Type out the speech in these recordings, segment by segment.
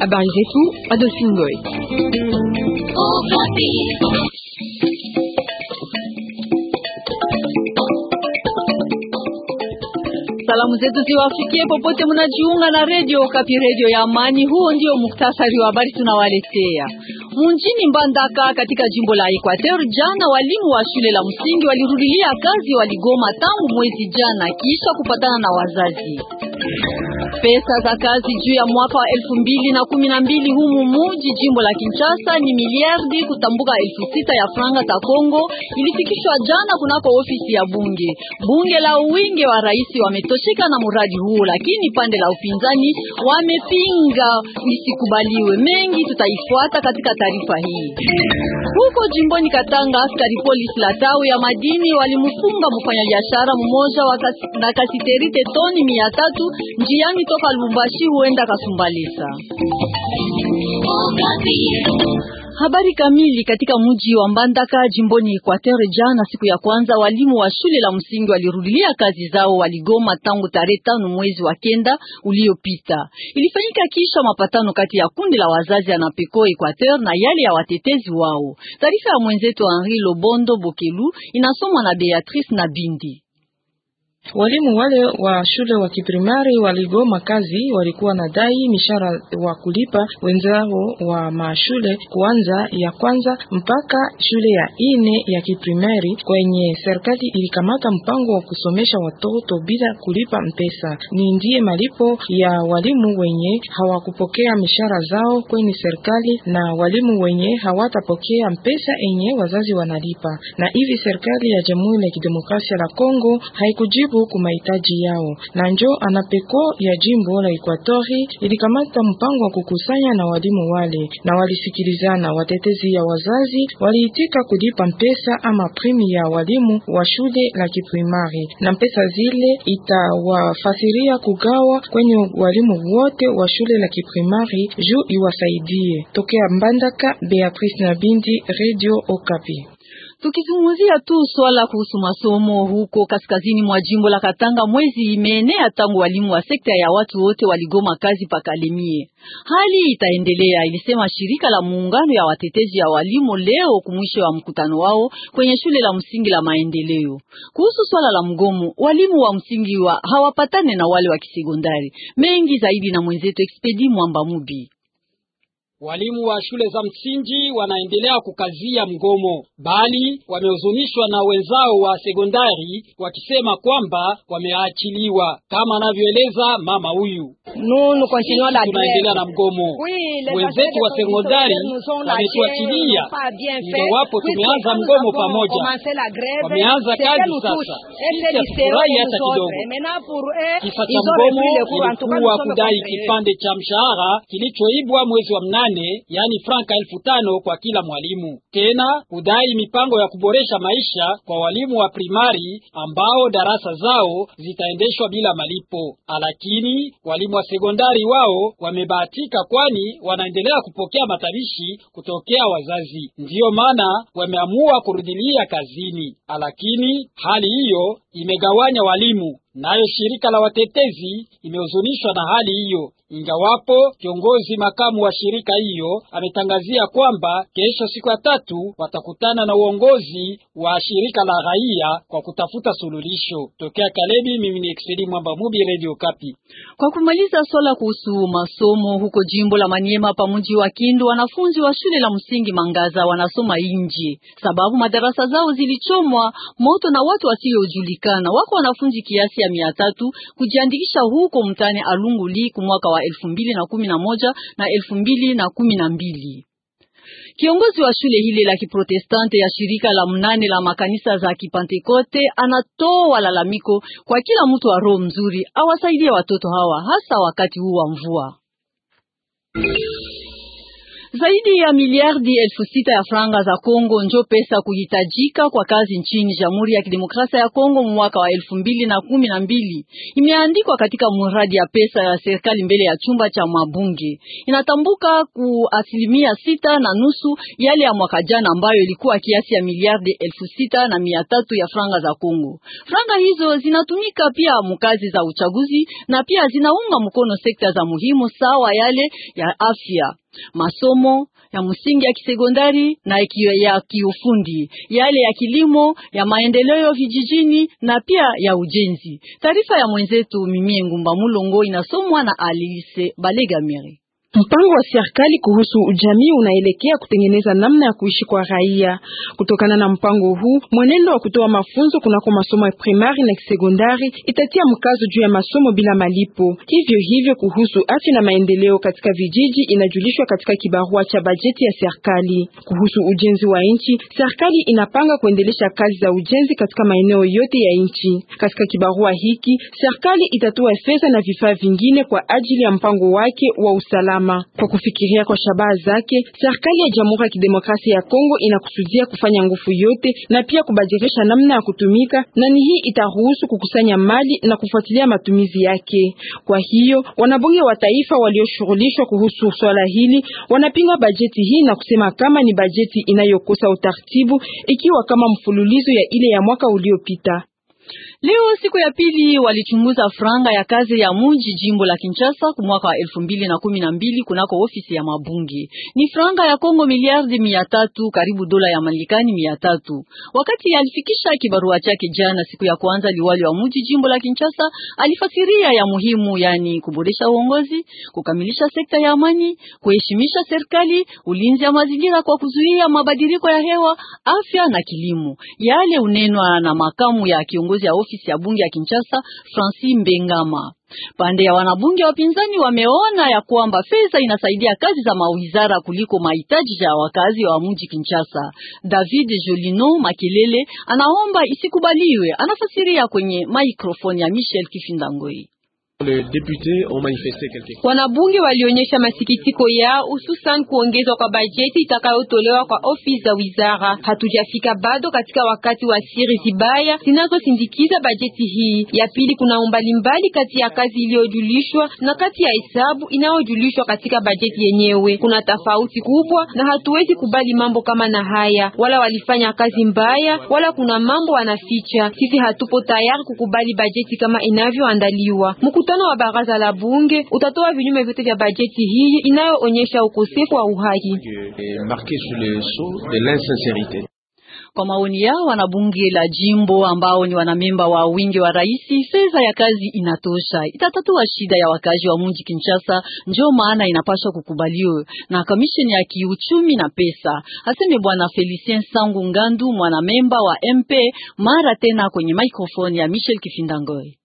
Habari zetu Adolphine Boy. Salamu zetu ziwafikie popote mnajiunga na Radio Okapi, radio ya amani. Huo ndio muktasari wa habari tunawaletea. Munjini Mbandaka katika jimbo la Equateur, jana walimu wa shule la msingi walirudilia kazi, waligoma tangu mwezi jana kisha kupatana na wazazi Pesa za kazi juu ya mwaka wa elfu mbili na kumi na mbili humu muji jimbo la Kinshasa ni miliardi kutambuka elfu sita ya franga za Kongo ilifikishwa jana kunako ofisi ya bunge. Bunge la uwingi wa rais wametosheka na muradi huo, lakini pande la upinzani wamepinga isikubaliwe. Mengi tutaifuata katika taarifa hii. Huko jimboni Katanga, askari polisi la tawi ya madini walimfunga mfanyabiashara mmoja na kasiterite toni mia tatu njiani toka Lubumbashi huenda Kasumbalesa. Habari kamili katika mji wa Mbandaka jimboni Equateur. Jana siku ya kwanza, walimu wa shule la msingi walirudilia kazi zao, waligoma tangu tarehe tano mwezi wa kenda uliopita. Ilifanyika kisha mapatano kati ya kundi la wazazi na Peco Equateur na yale ya watetezi wao. Taarifa ya mwenzetu Henri Lobondo Bokelu inasomwa na Beatrice na Bindi. Walimu wale wa shule wa kiprimari waligoma kazi, walikuwa na dai mishara wa kulipa wenzao wa mashule kuanza ya kwanza mpaka shule ya ine ya kiprimari, kwenye serikali ilikamata mpango wa kusomesha watoto bila kulipa mpesa. Ni ndiye malipo ya walimu wenye hawakupokea mishara zao kwenye serikali na walimu wenye hawatapokea mpesa enye wazazi wanalipa, na hivi serikali ya Jamhuri ya Kidemokrasia la Kongo haikujibu kujibu mahitaji yao. Na njo anapeko ya jimbo la Ekwatori ilikamata mpango wa kukusanya na walimu wale, na walisikilizana. Watetezi ya wazazi waliitika kulipa mpesa ama primi ya walimu wa shule la kiprimari, na mpesa zile itawafasiria kugawa kwenye walimu wote wa shule la kiprimari juu iwasaidie. Tokea Mbandaka, Beatrice Nabindi, Radio Okapi. Tukizungumzia tu swala kuhusu masomo huko kaskazini mwa jimbo la Katanga, mwezi imeenea tangu walimu wa sekta ya watu wote waligoma kazi pakalemie. Hali itaendelea, ilisema shirika la muungano ya watetezi ya walimu leo kumwisho wa mkutano wao kwenye shule la msingi la Maendeleo. Kuhusu swala la mgomo, walimu wa msingi wa hawapatane na wale wa kisekondari. Mengi zaidi na mwenzetu Expedi Mwamba Mubi. Walimu wa shule za msingi wanaendelea kukazia mgomo, bali wamehuzunishwa na wenzao wa sekondari wakisema kwamba wameachiliwa, kama anavyoeleza mama huyu. Tunaendelea na mgomo, wenzetu wa sekondari wametuachilia, ndio wapo tumeanza mgomo pamoja, wameanza kazi sasa. Sisiyafurahi hata kidogo. Kisa cha mgomo ilikuwa kudai kipande cha mshahara kilichoibwa mwezi wa mnane nane yani franka elfu tano kwa kila mwalimu. Tena kudai mipango ya kuboresha maisha kwa walimu wa primari ambao darasa zao zitaendeshwa bila malipo. Lakini walimu wa sekondari wao wamebahatika, kwani wanaendelea kupokea matabishi kutokea wazazi, ndiyo maana wameamua kurudilia kazini. Lakini hali hiyo imegawanya walimu, nayo shirika la watetezi imehuzunishwa na hali hiyo. Ingawapo kiongozi makamu wa shirika hiyo ametangazia kwamba kesho siku ya tatu watakutana na uongozi wa shirika la raia kwa kutafuta suluhisho. Tokea Kalebi, mimi ni Exeli Mwamba Mubi, Radio Kapi. Kwa kumaliza swala kuhusu masomo huko jimbo la Maniema pa mji wa Kindu, wanafunzi wa shule la msingi Mangaza wanasoma nje sababu madarasa zao zilichomwa moto na watu wasiojulikana. Wako wanafunzi kiasi ya mia tatu kujiandikisha huko mtani Alunguli kumwaka wa elfu mbili na kumi na moja na elfu mbili na kumi na mbili. Kiongozi wa shule hili la Kiprotestante ya shirika la mnane la makanisa za kipantekote anatoa lalamiko kwa kila mtu wa roho mzuri awasaidie watoto hawa hasa wakati huu wa mvua. Zaidi ya miliardi elfu sita ya franga za Kongo njo pesa kuhitajika kwa kazi nchini Jamhuri ya Kidemokrasia ya Kongo mwaka wa elfu mbili na kumi na mbili imeandikwa katika mradi ya pesa ya serikali mbele ya chumba cha mabunge. Inatambuka ku asilimia sita na nusu yale ya mwaka jana ambayo ilikuwa kiasi ya miliardi elfu sita na mia tatu ya franga za Kongo. Franga hizo zinatumika pia mkazi za uchaguzi na pia zinaunga mkono sekta za muhimu sawa yale ya afya masomo ya msingi ya kisekondari na ya kiufundi, yale ya kilimo, ya maendeleo vijijini na pia ya ujenzi. Taarifa ya mwenzetu Mimie Ngumba Mulongo inasomwa na Alice Balegamiri. Mpango wa serikali kuhusu jamii unaelekea kutengeneza namna ya kuishi kwa raia. Kutokana na mpango huu, mwenendo wa kutoa mafunzo kunako masomo ya primari na sekondari itatia mkazo juu ya masomo bila malipo. Hivyo hivyo, kuhusu afya na maendeleo katika vijiji inajulishwa katika kibarua cha bajeti ya serikali. Kuhusu ujenzi wa nchi, serikali inapanga kuendelesha kazi za ujenzi katika maeneo yote ya nchi. Katika kibarua hiki, serikali itatoa fedha na vifaa vingine kwa ajili ya mpango wake wa usalama usalama. Kwa kufikiria kwa shabaha zake, serikali ya Jamhuri ya Kidemokrasia ya Kongo inakusudia kufanya nguvu yote na pia kubadilisha namna ya kutumika, na ni hii itaruhusu kukusanya mali na kufuatilia matumizi yake. Kwa hiyo wanabunge wa taifa walioshughulishwa kuhusu swala hili wanapinga bajeti hii na kusema kama ni bajeti inayokosa utaratibu, ikiwa kama mfululizo ya ile ya mwaka uliopita. Leo siku ya pili walichunguza franga ya kazi ya muji jimbo la Kinshasa kwa mwaka wa elfu mbili na kumi na mbili kunako ofisi ya mabunge. Ni franga ya Kongo miliardi mia tatu karibu dola ya Marekani mia tatu. Wakati alifikisha kibarua chake jana siku ya kwanza, liwali wa muji jimbo la Kinshasa alifasiria ya muhimu, yani kuboresha uongozi, kukamilisha sekta ya amani, kuheshimisha serikali, ulinzi ya mazingira kwa kuzuia mabadiliko ya hewa, afya na kilimo, yale unenwa na makamu ya kiongozi ya ofisi ofisi ya bunge ya Kinshasa Francis Mbengama. Pande ya wanabunge wapinzani wameona ya kwamba fedha inasaidia kazi za mawizara kuliko mahitaji ya wakazi wa mji Kinshasa. David Jolino Makelele anaomba isikubaliwe, anafasiria kwenye mikrofoni ya Michel Kifindangoi. Wanabunge walionyesha masikitiko yao hususan kuongezwa kwa bajeti itakayotolewa kwa ofisi za wizara. Hatujafika bado katika wakati wa siri zibaya zinazosindikiza bajeti hii ya pili. Kuna umbali mbali kati ya kazi iliyojulishwa na kati ya hesabu inayojulishwa katika bajeti yenyewe. Kuna tofauti kubwa, na hatuwezi kubali mambo kama na haya. Wala walifanya kazi mbaya, wala kuna mambo wanaficha. Sisi hatupo tayari kukubali bajeti kama inavyoandaliwa. Mkutano wa baraza la bunge utatoa vinyume vyote vya bajeti hii inayoonyesha ukosefu wa uhai. kwa maoni yao wanabunge la jimbo ambao ni wanamemba wa wingi wa raisi, fedha ya kazi inatosha, itatatua shida ya wakazi wa mji Kinshasa, ndio maana inapaswa kukubaliwa na kamisheni ya kiuchumi na pesa, aseme bwana Felicien Sangu Ngandu, mwanamemba wa MP, mara tena kwenye maikrofoni ya Michel Kifindangoi.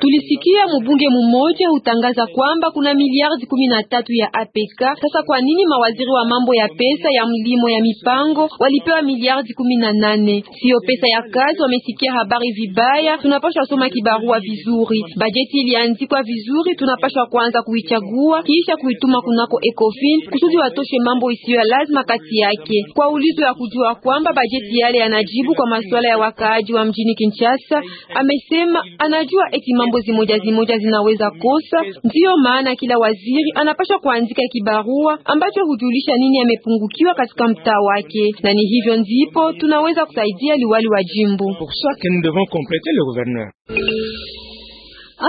Tulisikia mbunge mmoja hutangaza kwamba kuna miliardi kumi na tatu ya APK. E Sasa kwa nini mawaziri wa mambo ya pesa ya mlimo ya mipango walipewa miliardi kumi na nane? Siyo pesa ya kazi. Wamesikia habari vibaya, tunapashwa soma kibarua vizuri. Bajeti iliandikwa vizuri, tunapashwa kwanza kuichagua kisha kuituma kunako ECOFIN kusudi watoshe mambo isiyo ya lazima kati yake, kwa ulizo ya kujua kwamba bajeti yale yanajibu kwa masuala ya wakaaji wa mjini Kinshasa. Amesema anajua eti mambo zimoja zimoja zinaweza kosa, ndiyo maana kila waziri anapaswa kuandika kibarua ambacho hujulisha nini amepungukiwa katika mtaa wake, na ni hivyo ndipo tunaweza kusaidia liwali wa jimbo.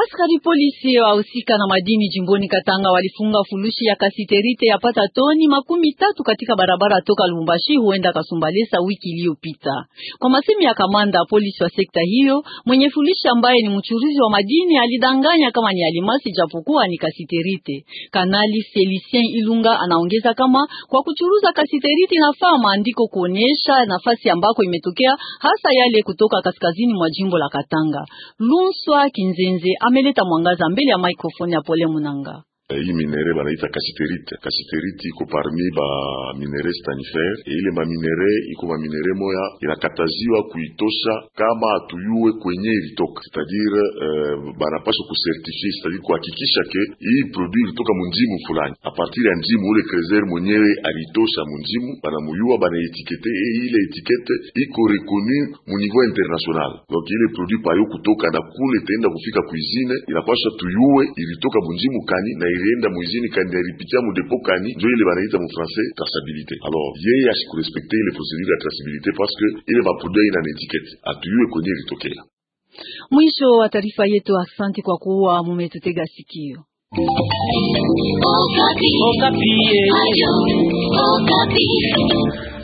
Askari polisi wahusika na madini jimboni Katanga walifunga fulushi ya kasiterite ya pata toni makumi tatu katika barabara toka Lubumbashi huenda Kasumbalesa wiki iliyopita. Kwa masemi ya kamanda polisi wa sekta hiyo, mwenye fulushi ambaye ni mchuruzi wa madini alidanganya kama ni alimasi japokuwa ni kasiterite. Kanali Felicien Ilunga anaongeza kama kwa kuchuruza kasiterite inafaa maandiko kuonyesha nafasi ambako imetokea hasa yale kutoka kaskazini mwa jimbo la Katanga. Lunswa Kinzenze ameleta mwangaza mbele ya maikrofoni ya Pole Munanga. Eh, hii minere banaita kasiterite. Kasiterite iko parmi ba minere stanifere, e ile maminere iko maminere moya inakataziwa kuitosha kama atuyue kwenye ilitoka, cetadire uh, eh, banapaswa kusertifie, cetadire kuhakikisha ke hii produit ilitoka munjimu fulani, a partir ya njimu ule krezer mwenyewe alitosha munjimu, banamuyua banaetikete, e ile etikete iko reconnue mu niveau international. Donc ile produit payo kutoka na kule itaenda kufika kuizine, inapaswa tuyue ilitoka munjimu kani na ilienda mwizini ikandaripitia mudepokani njo ile banaita français, traçabilité. Alors yeye asikurespekte ile procédures ya traçabilité parce que ile maproduit ina na etikete atuyue kwenye ilitokea. Mwisho wa taarifa yetu. Asante kwa kuwa mumetutega sikio. Okapi. Okapi. Eh. Okapi.